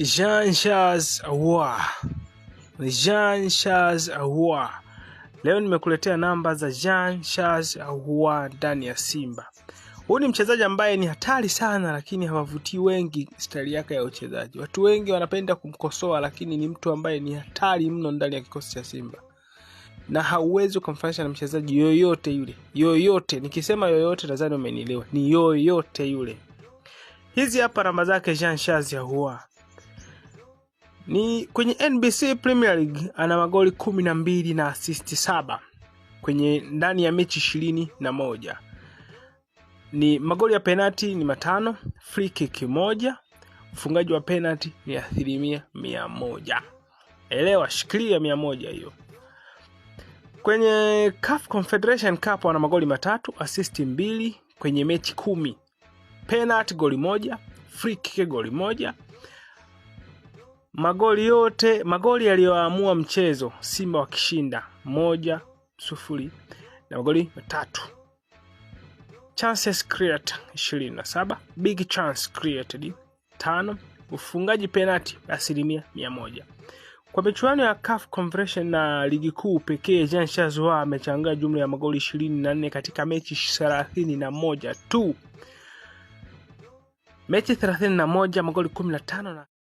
Jean Charles Ahoua. Jean Charles Ahoua. Leo nimekuletea namba za Jean Charles Ahoua ndani ya Simba. Huyu ni mchezaji ambaye ni hatari sana, lakini hawavutii wengi staili yake ya uchezaji. Watu wengi wanapenda kumkosoa, lakini ni mtu ambaye ni hatari mno ndani ya kikosi cha Simba na hauwezi ukamfananisha na mchezaji yoyote yule. Yoyote, nikisema yoyote nadhani umenielewa, ni yoyote yule. Hizi hapa namba zake Jean Charles Ahoua. Ni kwenye NBC Premier League ana magoli kumi na mbili na asisti saba kwenye ndani ya mechi ishirini na moja. Ni magoli ya penati ni matano, free kick moja, ufungaji wa penati ni asilimia mia moja. Elewa, shikilia mia moja hiyo. Kwenye CAF Confederation Cup ana magoli matatu, asisti mbili kwenye mechi kumi, penati goli moja, free kick goli moja Magoli yote magoli yaliyoamua mchezo Simba wakishinda moja sufuri na magoli matatu. Chances created 27, big chance created 5, ufungaji penati asilimia mia moja. Kwa michuano ya CAF Confederation na ligi kuu pekee, Jean Shazua amechangia jumla ya magoli 24 katika mechi na moja tu, mechi 31 magoli 15 na